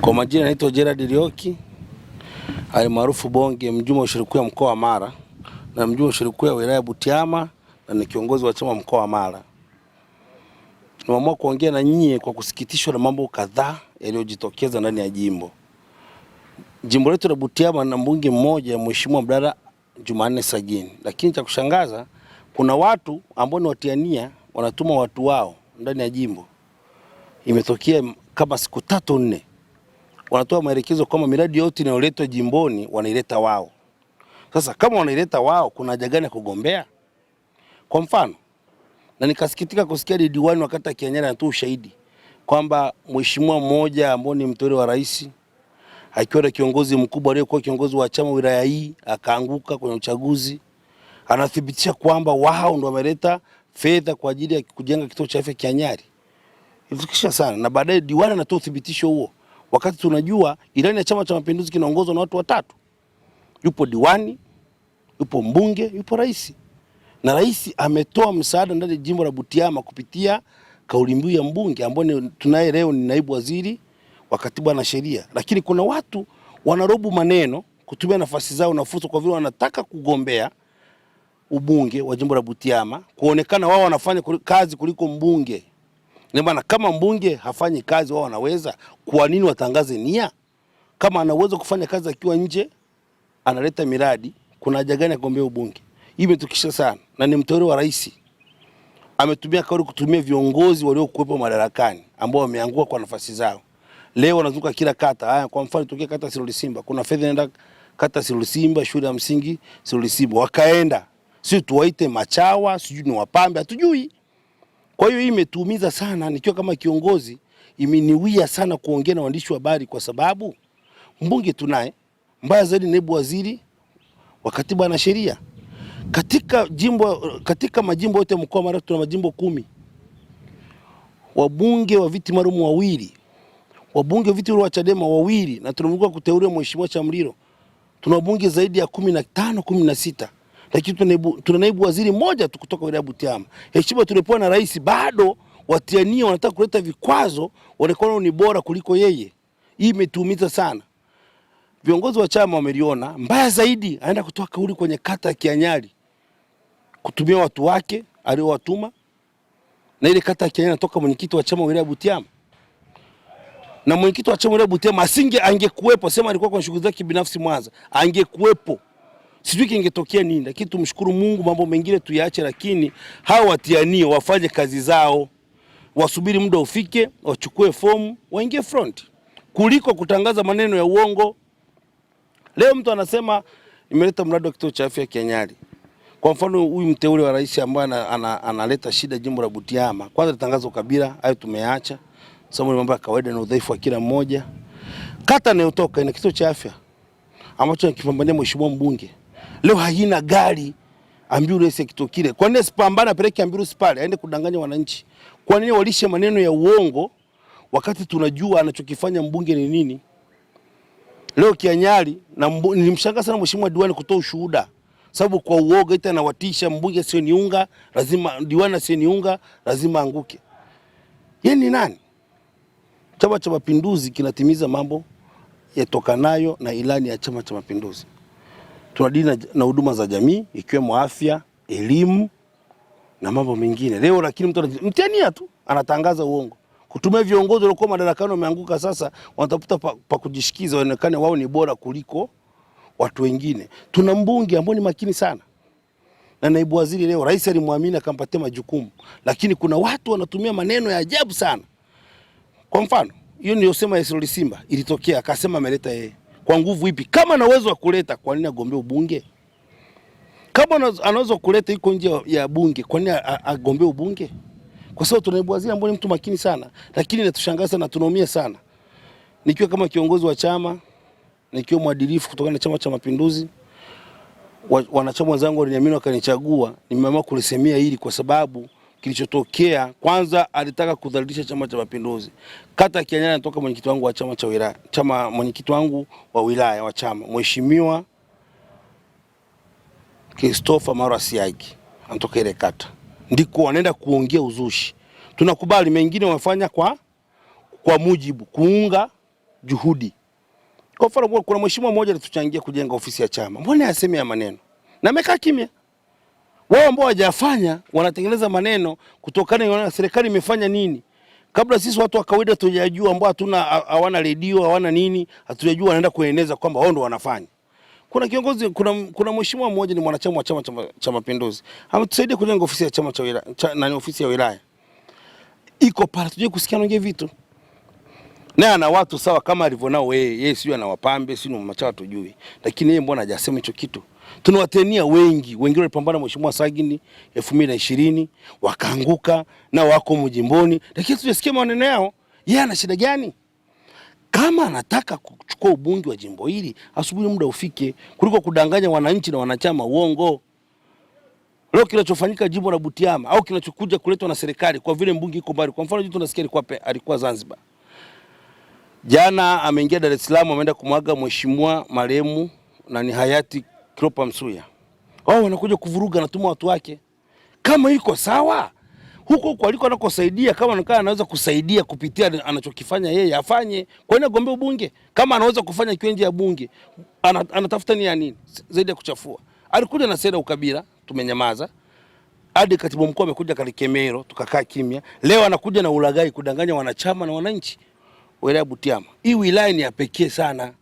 Kwa majina naitwa Gerard Rioki almaarufu Bonge, mjumbe wa ya mkoa wa Mara na mjumbe wa ya wilaya Butiama na ni kiongozi wa chama mkoa wa Mara. Nimeamua kuongea na nyinyi kwa kusikitishwa na mambo kadhaa yaliyojitokeza ndani ya jimbo jimbo letu la Butiama na mbunge mmoja Mheshimiwa Abdalla Jumanne Sagini, lakini cha kushangaza kuna watu ambao ni watiania wanatuma watu wao ndani ya jimbo. Imetokea kama siku tatu nne wanatoa maelekezo kwamba miradi yote inayoletwa jimboni wanaileta wao. Sasa kama wanaileta wao, kuna haja gani ya kugombea? Kwa mfano, na nikasikitika kusikia diwani wakati akianyana tu ushahidi kwamba mheshimiwa mmoja ambaye ni mteule wa rais akiwa na kiongozi mkubwa aliyekuwa kiongozi wa chama wilaya hii akaanguka kwenye uchaguzi, anathibitisha kwamba wao ndio wameleta fedha kwa ajili ya kujenga kituo cha afya Kianyari. Ilifikisha sana, na baadaye diwani anatoa uthibitisho huo wakati tunajua ilani ya Chama cha Mapinduzi kinaongozwa na watu watatu, yupo diwani, yupo mbunge, yupo rais, na rais ametoa msaada ndani ya jimbo la Butiama kupitia kauli mbiu ya mbunge ambaye tunaye leo ni naibu waziri wa katiba na sheria. Lakini kuna watu wanarobu maneno kutumia nafasi zao na fursa, kwa vile wanataka kugombea ubunge wa jimbo la Butiama, kuonekana wao wanafanya kazi kuliko mbunge maana kama mbunge hafanyi kazi, wao wanaweza, kwa nini watangaze nia? Kama anaweza kufanya kazi akiwa nje, analeta miradi, kuna haja gani agombea ubunge? Hii imetukisha sana, na ni mteule wa rais, ametumia kauli kutumia viongozi waliokuwepo madarakani ambao wameangua kwa nafasi zao. Leo wanazunguka kila kata. Haya, kwa mfano tukia kata Siruli Simba, kuna fedha inaenda kata Siruli Simba, shule ya msingi Siruli Simba, wakaenda sio tuwaite machawa, sijui ni wapambe, hatujui kwa hiyo hii imetuumiza sana, nikiwa kama kiongozi imeniwia sana kuongea na waandishi wa habari, kwa sababu mbunge tunaye, mbaya zaidi naibu waziri wa katiba na sheria katika jimbo, katika majimbo yote ya mkoa Mara tuna majimbo kumi, wabunge wa viti maalum wawili, wabunge viti wa Chadema wawili, na tunamwomba kuteuliwa mheshimiwa Chamliro, Tuna wabunge zaidi ya kumi na tano, kumi na sita lakini tuna naibu, tuna naibu waziri mmoja tu kutoka wilaya Butiama. Heshima tuliopewa na rais, bado watiania wanataka kuleta vikwazo, wanakuwa ni bora kuliko yeye. Hii imetuumiza sana. Viongozi wa chama wameliona. Mbaya zaidi, anaenda kutoa kauli kwenye kata ya Kianyali kutumia watu wake aliowatuma, na ile kata ya Kianyali natoka mwenyekiti wa chama wilaya Butiama na mwenyekiti wa chama wilaya Butiama asinge, angekuwepo sema alikuwa kwa shughuli zake binafsi Mwanza, angekuwepo Sijui kingetokea nini, lakini tumshukuru Mungu, mambo mengine tuyaache, lakini hao watianie wafanye kazi zao, wasubiri muda ufike, wachukue fomu, waingie front kuliko kutangaza maneno ya uongo. Leo mtu anasema imeleta mradi wa kituo cha afya Kenyali. Kwa mfano huyu mteule wa rais ambaye analeta ana, ana shida jimbo la Butiama, kwanza litangaza ukabila, hayo tumeacha sababu ni mambo ya kawaida na udhaifu wa kila mmoja. Kata anayotoka ina kituo cha afya ambacho nakipambania mheshimiwa mbunge leo haina gari ambulance ya kile. Kwa nini sipambana peleke ambulance pale aende kudanganya wananchi? Kwa nini walishe maneno ya uongo wakati tunajua anachokifanya mbunge ni nini? Leo Kianyali na nilimshangaa sana mheshimiwa diwani kutoa ushuhuda, sababu kwa uoga ita anawatisha mbunge sio niunga, lazima diwani sio niunga, lazima anguke. Yeye ni nani? Chama cha Mapinduzi kinatimiza mambo yatokanayo na ilani ya Chama cha Mapinduzi tunadili na huduma za jamii ikiwemo afya, elimu na mambo mengine. Leo lakini mtu mtiania tu anatangaza uongo kutumia viongozi waliokuwa madarakani wameanguka, sasa wanatafuta pa, pa kujishikiza waonekane wao ni bora kuliko watu wengine. Tuna mbunge ambaye ni makini sana na naibu waziri. Leo rais alimwamini akampatia majukumu, lakini kuna watu wanatumia maneno ya ajabu sana. Kwa mfano hiyo niliyosema ya Simba ilitokea, akasema ameleta yeye kwa nguvu ipi? Kama ana uwezo wa kuleta, kwa nini agombee ubunge? Kama anaweza kuleta iko nje ya bunge, kwa nini agombee ubunge? Kwa sababu tuna naibu waziri ambaye ni mtu makini sana, lakini inatushangaza na tunaumia sana. Nikiwa kama kiongozi wa chama, nikiwa mwadilifu kutokana na Chama cha Mapinduzi, wanachama wenzangu waliniamini wakanichagua, nimeamua kulisemea hili kwa sababu kilichotokea. Kwanza alitaka kudhalilisha Chama cha Mapinduzi. Kata Kianyana anatoka mwenyekiti wangu wa chama cha wilaya, chama mwenyekiti wangu wa wilaya wa chama Mheshimiwa Christopher Marwa Siaki anatoka ile kata, ndiko wanaenda kuongea uzushi. Tunakubali mengine wamefanya kwa, kwa mujibu kuunga juhudi. Kwa mfano kuna mheshimiwa mmoja alituchangia kujenga ofisi ya chama, mbona aseme ya maneno na amekaa kimya. Wao ambao hawajafanya wanatengeneza maneno kutokana na serikali imefanya nini, kabla sisi watu wa kawaida tujajua, ambao hatuna hawana redio hawana nini, hatujajua wanaenda kueneza kwamba wao ndo wanafanya. Kuna kiongozi, kuna, kuna mheshimiwa mmoja ni mwanachama wa Chama cha Mapinduzi ametusaidia kujenga ofisi ya chama cha wilaya na ofisi ya wilaya iko pale, tujue kusikia nje vitu na ana watu sawa kama alivyo nao yeye, yeye sio anawapambe sio machao tujui, lakini yeye mbona hajasema hicho kitu? tunawatenia wengi, wengine walipambana mheshimiwa Sagini elfu mbili na ishirini wakaanguka na wako mjimboni, lakini tujasikia maneno yao. Yeye ana shida gani? Kama anataka kuchukua ubunge wa jimbo hili asubuhi muda ufike, kuliko kudanganya wananchi na wanachama uongo. Leo kinachofanyika jimbo la Butiama au kinachokuja kuletwa na serikali kwa vile mbunge iko mbali. Kwa mfano juzi tunasikia alikuwa alikuwa Zanzibar, jana ameingia Dar es Salaam, ameenda kumwaga mheshimiwa marehemu na ni hayati Cleopa Msuya, wao wanakuja kuvuruga, anatuma watu wake. Kama iko sawa huko huko aliko anakosaidia, kama anakaa anaweza kusaidia kupitia anachokifanya yeye, afanye. Kwa nini agombea ubunge kama anaweza kufanya kiwe nje ya bunge? Anatafuta ni ya nini zaidi ya kuchafua? Alikuja na sera ukabila, tumenyamaza hadi katibu mkuu amekuja Kalikemero, tukakaa kimya. Leo anakuja na ulagai kudanganya wanachama na wananchi wilaya Butiama. Hii wilaya ni ya pekee sana.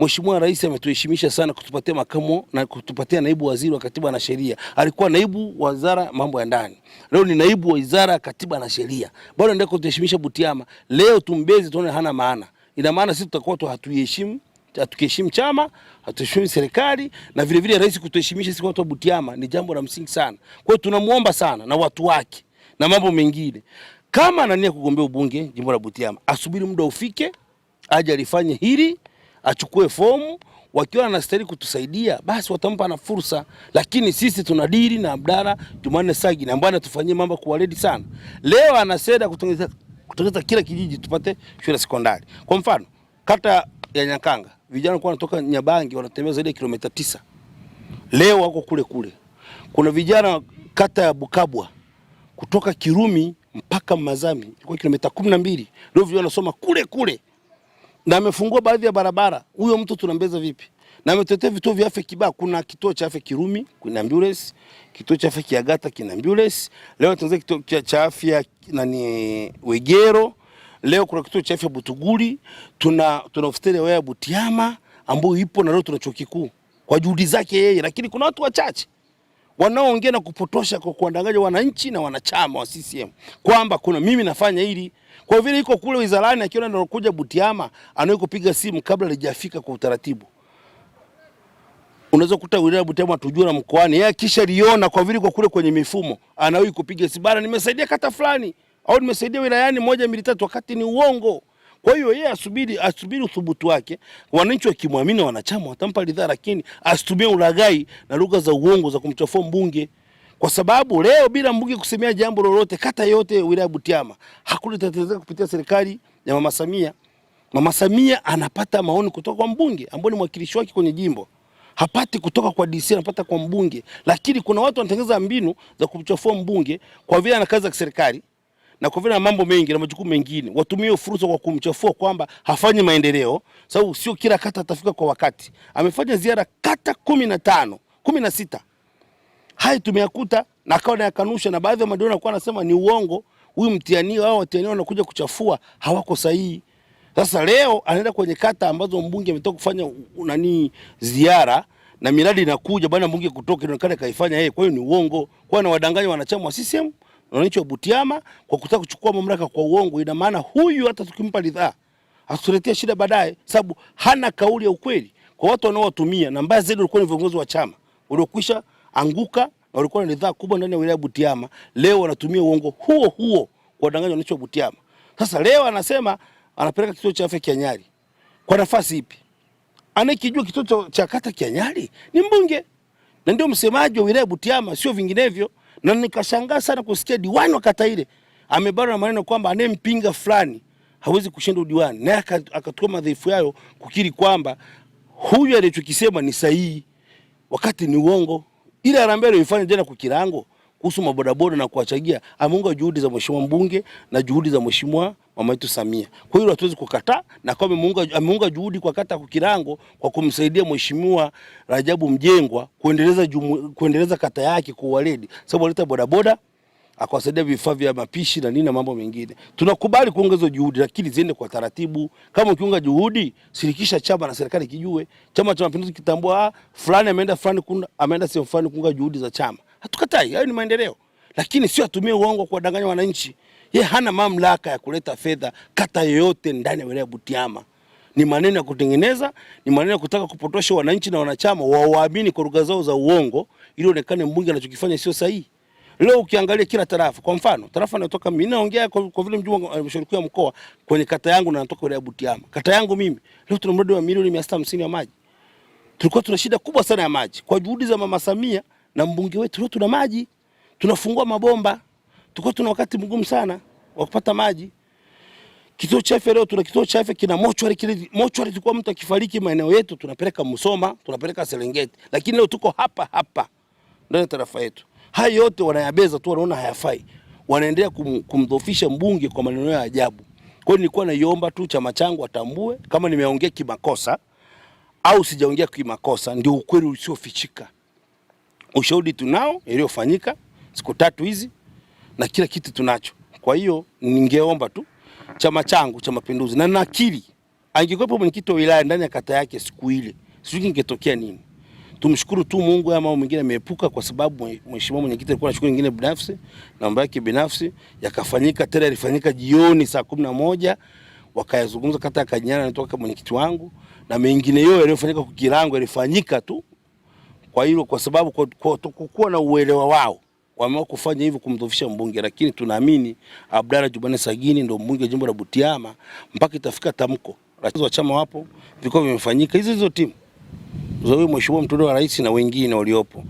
Mheshimiwa Rais ametuheshimisha sana kutupatia makamo na kutupatia naibu waziri wa katiba na sheria. Alikuwa naibu wizara mambo ya ndani, leo ni naibu wa wizara ya katiba na sheria, bado endelea kutuheshimisha Butiama. Leo tumbezi tuone hana maana, ina maana sisi tutakuwa tu hatuheshimu hatukiheshimu chama, hatuheshimu serikali na vile vile rais kutuheshimisha sisi watu wa Butiama ni jambo la msingi sana. Kwa hiyo tunamuomba sana na watu wake na mambo mengine. Kama anania kugombea ubunge jimbo la Butiama, asubiri muda ufike aje alifanye hili achukue fomu. Wakiwa anastahili kutusaidia basi watampa na fursa, lakini sisi tuna dili na Abdalla Jumanne Sagini ambaye anatufanyia mambo kwa weledi sana. Leo anaseda kutengeneza kutengeneza kila kijiji tupate shule sekondari. Kwa mfano, kata ya Nyakanga vijana kwa wanatoka Nyabangi wanatembea zaidi ya kilomita tisa. Leo wako kule kule. Kuna vijana kata ya Bukabwa kutoka Kirumi mpaka Mazami kwa kilomita 12. Leo vijana wanasoma kule kule na amefungua baadhi ya barabara. Huyo mtu tunambeza vipi? Na ametetea vituo vya afya kibaa. Kuna kituo cha afya Kirumi kuna ambulance, kituo cha afya Kiagata kina ambulance, leo tunaanza kituo cha afya nani Wegero, leo kuna kituo cha afya Butuguli, tuna tuna hospitali ya Butiama ambayo ipo na leo tuna chuo kikuu kwa juhudi zake yeye, lakini kuna watu wachache wanaoongea na kupotosha kwa kuwadanganya wananchi na wanachama wa CCM kwamba kuna mimi nafanya hili kwa vile iko kule wizarani, akiona ndio kuja Butiama anaye kupiga simu kabla lijafika kwa utaratibu. Unaweza kukuta wilaya Butiama tujua na mkoani, yeye kisha liona kwa vile kwa kule kwenye mifumo anawe kupiga simu bana, nimesaidia kata fulani au nimesaidia wilayani moja mbili tatu, wakati ni uongo. Kwa hiyo yeye asubiri, asubiri uthubutu wake. Wananchi wakimwamini, wanachama watampa ridhaa, lakini asitumie ulaghai na lugha za uongo za kumchafua mbunge, kwa sababu leo bila mbunge kusemea jambo lolote, kata yote wilaya Butiama hakuna tatizo kupitia serikali ya mama Samia. Mama Samia anapata maoni kutoka kwa mbunge ambaye ni mwakilishi wake kwenye jimbo hapati kutoka kwa DC, anapata kwa mbunge. Lakini kuna watu wanatengeneza mbinu za kumchafua mbunge kwa vile ana kazi za kiserikali na kwa vile mambo mengi na majukumu mengine, watumie fursa kwa kumchafua kwamba hafanyi maendeleo, sababu sio kila kata atafika kwa wakati. Amefanya ziara kata kumi na tano kumi na sita hai tumeyakuta na akawa anayakanusha, na baadhi ya madiwani alikuwa anasema ni uongo, huyu mtiania wao watiania wanakuja kuchafua, hawako sahihi. Sasa leo anaenda kwenye kata ambazo mbunge ametoka kufanya nani ziara na miradi inakuja bwana, mbunge kutoka inaonekana kaifanya yeye. Kwa hiyo ni uongo, kwa na wadanganya wanachama wa CCM wananchi wa Butiama kwa kutaka kuchukua mamlaka kwa uongo. Ina maana huyu hata tukimpa ridhaa atuletea shida baadaye, sababu hana kauli ya ukweli. Kwa watu wanaowatumia na mbaya zaidi walikuwa ni viongozi wa chama waliokwisha anguka na walikuwa na ridhaa kubwa ndani ya wilaya Butiama, leo wanatumia uongo huo huo kuwadanganya wananchi wa Butiama. Sasa leo anasema anapeleka kituo cha afya Kianyari kwa nafasi ipi? Anayekijua kituo cha kata Kianyari ni mbunge na ndio msemaji wa wilaya Butiama, sio vinginevyo na nikashangaa sana kusikia diwani wa kata ile amebara na maneno kwamba anayempinga fulani hawezi kushinda udiwani, naye akatoa madhaifu yao kukiri kwamba huyu alichokisema ni sahihi, wakati ni uongo. Ile harambee aliyofanya jana kukirango kuhusu mabodaboda na kuwachagia ameunga juhudi za mheshimiwa mbunge na juhudi za mheshimiwa mama yetu Samia. Kwa hiyo hatuwezi kukataa na kwa ameunga ameunga juhudi kwa kata Kirango kwa kumsaidia mheshimiwa Rajabu Mjengwa kuendeleza jumu, kuendeleza kata yake kwa uwaledi, sababu alileta bodaboda akawasaidia vifaa vya mapishi na nini na mambo mengine. Tunakubali kuongeza juhudi, lakini ziende kwa taratibu. Kama ukiunga juhudi, shirikisha chama na serikali kijue. Chama cha Mapinduzi kitambua ah, fulani ameenda fulani ameenda sehemu fulani kuunga juhudi za chama, Hatukatai, hayo ni maendeleo, lakini sio atumie uongo kuwadanganya wananchi. Ye hana mamlaka ya kuleta fedha kata yoyote ndani ya wilaya Butiama. Ni maneno ya kutengeneza, ni maneno ya kutaka kupotosha wananchi na wanachama wawaamini kwa lugha zao za uongo, ili onekane mbunge anachokifanya sio sahihi. Leo ukiangalia kila tarafa, kwa mfano tarafa nayotoka mimi naongea kwa, kwa vile mjumbe halmashauri kuu ya mkoa kwenye kata yangu na natoka wilaya Butiama, kata yangu mimi leo tuna mradi wa milioni 650 ya maji. Tulikuwa tuna shida kubwa sana ya maji kwa juhudi za mama Samia na mbunge wetu leo tuna maji, tunafungua mabomba. Tuko tuna wakati mgumu sana wa kupata maji. Kituo cha afya leo tuna kituo cha afya kina mochwari kile mochwari, tulikuwa mtu akifariki maeneo yetu tunapeleka Musoma, tunapeleka Serengeti, lakini leo tuko hapa hapa ndani ya tarafa yetu. Haya yote wanayabeza tu, wanaona hayafai, wanaendelea kum, kumdhofisha mbunge kwa maneno ya ajabu. Kwa hiyo nilikuwa naiomba tu chama changu atambue kama nimeongea kimakosa au sijaongea kimakosa, ndio ukweli usiofichika ushahidi tunao iliyofanyika siku tatu hizi na kila kitu tunacho. Kwa hiyo ningeomba tu chama changu cha Mapinduzi, na nakiri angekuwepo mwenyekiti wa wilaya ndani ya kata yake siku ile, sijui kingetokea nini. Tumshukuru tu Mungu, ama mambo mengine ameepuka, kwa sababu mheshimiwa mwenyekiti alikuwa na shughuli nyingine binafsi na mambo yake binafsi yakafanyika. Tena ilifanyika jioni saa kumi na moja wakayazungumza kata ya Kanyana, natoka mwenyekiti wangu na mengine yote yaliyofanyika kwa Kilango yalifanyika tu kwa hilo, kwa sababu kwa, kwa kuwa na uelewa wao wamewa kufanya hivyo kumdhoofisha mbunge, lakini tunaamini Abdalla Jubane Sagini ndio mbunge jimbo la Butiama mpaka itafika tamko wa chama. Wapo vikao vimefanyika, hizo hizo timu za huyo mheshimiwa mtoto wa rais na wengine waliopo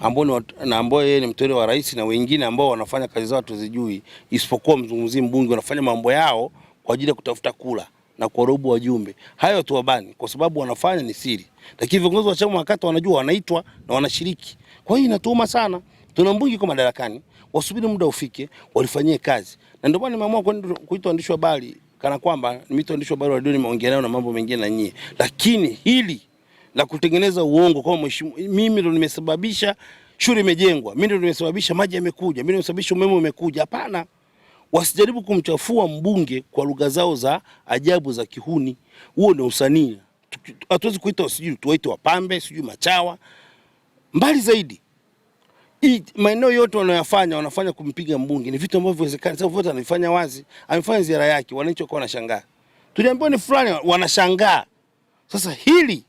ambao ni na ambao yeye ni mtoto wa rais na wengine ambao wanafanya kazi zao tuzijui, isipokuwa mzungumzie mbunge, wanafanya mambo yao kwa ajili ya kutafuta kula na kuwarobu wajumbe. Hayo tuwabani kwa sababu wanafanya ni siri, lakini viongozi wa chama wa kata wanajua, wanaitwa na wanashiriki. Kwa hiyo inatuuma sana, tuna mbunge kwa madarakani, wasubiri muda ufike walifanyie kazi, na ndio maana nimeamua kuitwa andishwa wa habari kana kwamba nimeitwa andishwa wa habari wa dini, nimeongea nayo na mambo mengine na nyie, lakini hili la kutengeneza uongo kwa mheshimiwa, mimi ndo nimesababisha shule imejengwa, mimi ndo nimesababisha maji yamekuja, mimi ndo nimesababisha umeme umekuja, hapana wasijaribu kumchafua mbunge kwa lugha zao za ajabu za kihuni. Huo ni usanii, hatuwezi kuita sijui tuwaite wapambe sijui machawa. Mbali zaidi, maeneo yote wanayofanya wanafanya kumpiga mbunge ni vitu ambavyo viwezekani, sababu wote anafanya wazi, amefanya ziara yake, wananchi wakawa wanashangaa, tuliambiwa ni fulani, wanashangaa. Sasa hili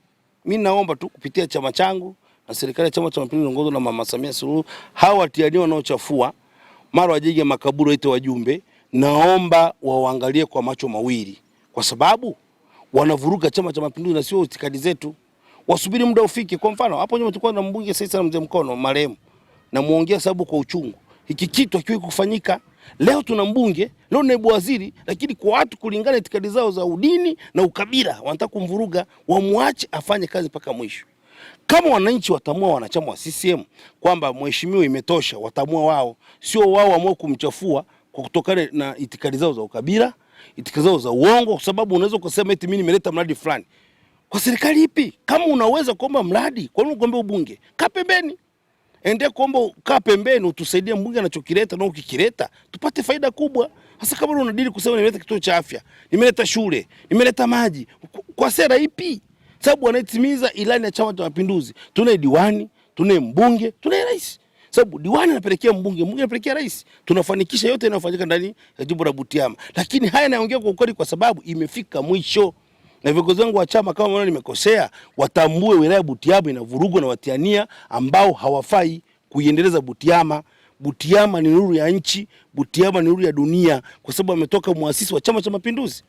mi naomba tu kupitia chama changu na serikali ya Chama cha Mapinduzi inaongozwa na Mama Samia Suluhu, hawa watiania wanaochafua mara wajiji makaburi waite wajumbe, naomba waangalie kwa macho mawili, kwa sababu wanavuruga Chama cha Mapinduzi na sio itikadi zetu. Wasubiri muda ufike. Kwa mfano hapo nyuma tulikuwa na mbunge sasa na mzee mkono marehemu, namuongea sababu kwa uchungu, hiki kitu hakiwezi kufanyika. Leo tuna mbunge, leo naibu waziri, lakini kwa watu kulingana itikadi zao za udini na ukabila wanataka kumvuruga. Wamwache afanye kazi mpaka mwisho. Kama wananchi watamua wanachama wa CCM kwamba mheshimiwa, imetosha, watamua wao, sio wao waamua kumchafua kwa kutokana na itikadi zao za ukabila, itikadi zao za uongo, kwa sababu unaweza kusema eti mimi nimeleta mradi fulani kwa serikali ipi? Kama unaweza kuomba mradi, kwa nini kuomba ubunge? Kaa pembeni, endea kuomba, kaa pembeni, utusaidie mbunge anachokileta na ukikileta tupate faida kubwa, hasa kama unadili kusema nimeleta kituo cha afya, nimeleta shule, nimeleta maji, kwa sera ipi? sababu wanaitimiza ilani ya Chama cha Mapinduzi. Tunaye diwani, tunaye mbunge, tunaye rais, sababu diwani anapelekea mbunge, mbunge anapelekea rais. Tunafanikisha yote yanayofanyika ndani ya jimbo la Butiama, lakini haya naongea kwa ukweli, kwa sababu imefika mwisho na viongozi wangu wa chama kama wanaona nimekosea, watambue wilaya Butiama inavurugwa na watiania ambao hawafai kuiendeleza Butiama. Butiama ni nuru ya nchi, Butiama ni nuru ya dunia, kwa sababu ametoka mwasisi wa Chama cha Mapinduzi.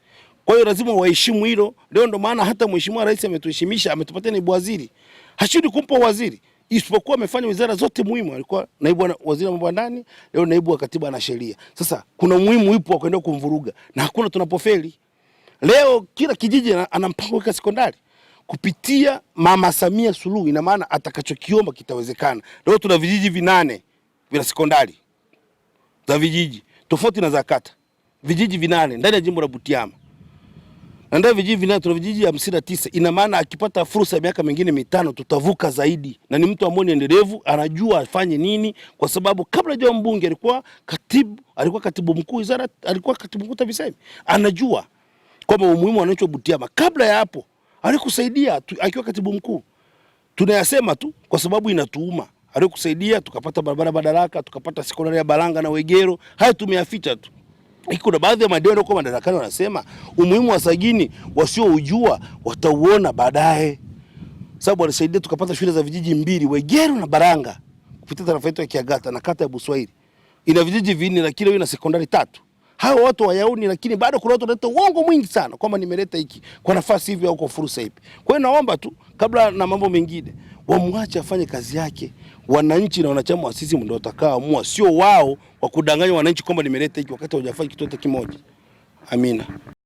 Kwa hiyo lazima waheshimu hilo. Leo ndo maana hata mheshimiwa rais ametuheshimisha, ametupatia naibu waziri, hashindwi kumpa waziri isipokuwa amefanya wizara zote muhimu. Alikuwa naibu waziri wa mambo ya ndani, leo naibu wa katiba na sheria. Sasa kuna umuhimu ipo wa kuendelea kumvuruga na hakuna tunapofeli. Leo kila kijiji ana mpango wake sekondari kupitia Mama Samia Suluhu, ina maana atakachokiomba kitawezekana. Leo tuna vijiji vinane vya sekondari za vijiji tofauti na za kata, vijiji vinane ndani ya jimbo la Butiama. Andaa vijiji vina tuna vijiji hamsini na tisa. Ina maana akipata fursa ya miaka mingine mitano tutavuka zaidi, na ni mtu ambaye ni endelevu, anajua afanye nini, kwa sababu kabla ya mbunge alikuwa katibu, alikuwa katibu mkuu wizara, alikuwa katibu mkuu TAMISEMI, anajua kwamba umuhimu wa wananchi wa Butiama. Kabla ya hapo alikusaidia akiwa katibu mkuu, tunayasema tu kwa sababu inatuuma alikusaidia tukapata barabara Badaraka, tukapata sekondari ya Baranga na Wegero. Haya tumeyaficha tu kuna baadhi ya madiwani waliokuwa madarakani wanasema umuhimu wa sagini wasioujua watauona baadaye, sababu walisaidia tukapata shule za vijiji mbili Wegeru na Baranga kupitia tarafa yetu ya Kiagata na kata ya Buswahili ina vijiji vinne, na kila ina sekondari tatu. Hao watu wayauni, lakini bado kuna watu wanaleta uongo mwingi sana kwamba nimeleta hiki kwa nafasi hivi au kwa fursa hipi. Kwa hiyo naomba tu kabla na mambo mengine wamwache afanye kazi yake wananchi na wanachama wa CCM ndio watakaoamua, sio wao wa kudanganya wananchi kwamba nimeleta hiki wakati hujafanya kitu kimoja. Amina.